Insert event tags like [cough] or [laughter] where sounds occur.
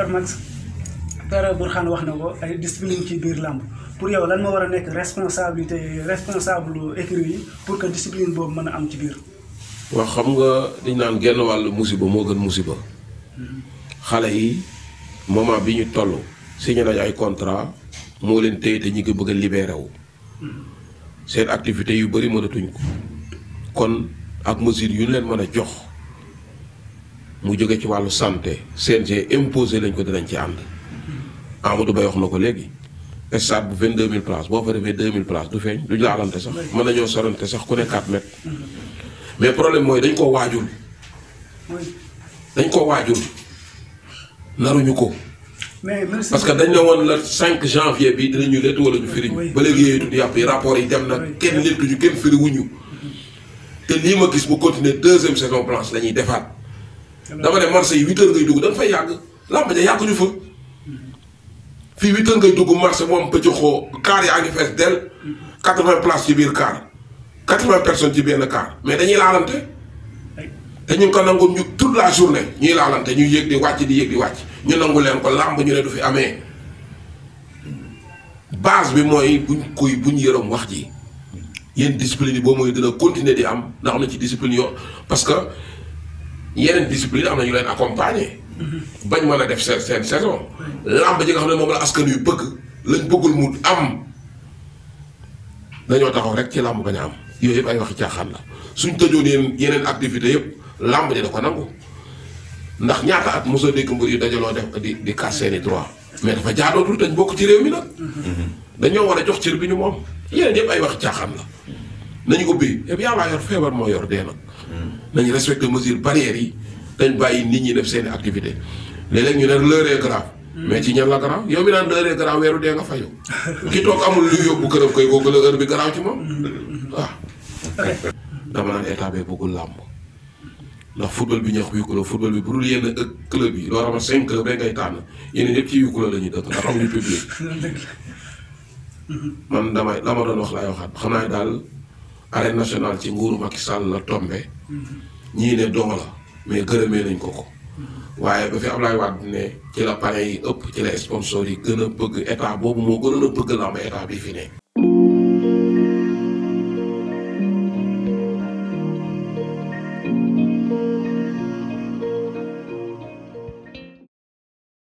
a Père Bourkhane wax na ko ay discipline ci biir làmb pour yow lan moo war a nekk responsabilité responsable écurie yi pour que discipline boobu mën a am ci biir. waaw xam nga dañ naan genn wàll musiba moo gën musiba. xale yi moment bi ñu toll signé nañ ay contrat moo leen téye te ñi ko bëgg a libéré wu. seen activité yu bëri mënatuñ ko kon ak mesure yu ñu leen mën a jox. mu jóge ci wàllu santé CNG imposé lañ ko dinañ ci ànd. Amadou bay wax na ko léegi. stade bu mille places boo fa defee 2000 places du feeñ duñ laalante sax mën nañoo sorante sax ku ne 4 mais problème mooy dañ koo waajul. dañ koo waajul. naruñu ko. parce que dañ ne woon la 5 janvier bi dinañu lett wala ñu firiñu ba léegi yooyu tudd yàpp yi rapport yi dem na kenn lettuñu kenn firiwuñu te lii ma gis bu continuer deuxième saison blanche la defaat. dama ne marché yi huit heures ngay dugg da nga fay yàgg làmb ja yàgguñu fa. fii huit heures ngay dugg marché moom pëcc xoo kaar yaa ngi fees dell. quatre vingt places ci biir kaar quatre vingt person ci benn kaar mais dañuy laalante. te ñu ko nangu tout la journée ñuy laalante ñu yéeg di wàcc di yéeg di wàcc ñu nangu leen ko làmb ñu ne du fi amee base bi mooy buñ koy buñ yërëm wax ji yéen discipline yi boo mooy dina continuer di am ndax am na ci discipline yoo parce que. yeneen discipline am na ñu leen accompagner. bañ mën a def seen seen saison. làmb ji xam ne moom la askan yu bëgg lañ bëggul mu am dañoo taxaw rek ci làmb bañ a am yooyu yëpp ay waxi caaxaan la suñ tëjoon yeneen yeneen activité yëpp làmb ji da ko nangu ndax ñaata at mosoo dégg mbir yu dajaloo def di di casse seeni droit mais dafa jaadootul dañ bokk ci réew mi nag. dañoo war a jox cër bi ñu moom yeneen yëpp ay waxi caaxaan la nañu ko ubbi yëpp eh yàllaa yor feebar moo yor dee nañ respecté mesures barrières yi dañ bàyyi nit ñi def seen activité léeg-léeg ñu ne l'heure est mais ci ñan la grave yow mi naan l'heure est grave weeru dee nga fayu ki toog amul lu yóbbu këram koy kooku la heure bi grave ci moom waaw dama naan état bi bëggul làmb ndax football bi ñax yukkula football bi bu dul yenn ëk club yi loo xamante cinq club rek ngay tànn yeneen yëpp ci yukkula la ñuy dëkk [laughs] man damay la doon wax laay waxaat xam naa daal arène nationale ci nguuru Macky Sall la tombé ñii ne don la mais gërëmee nañ ko ko waaye ba fi Ablaye Wade ne ci la pare yi ëpp ci la sponsor yi gën a bëgg état boobu moo gënoon a bëgg làmb état bi fi nee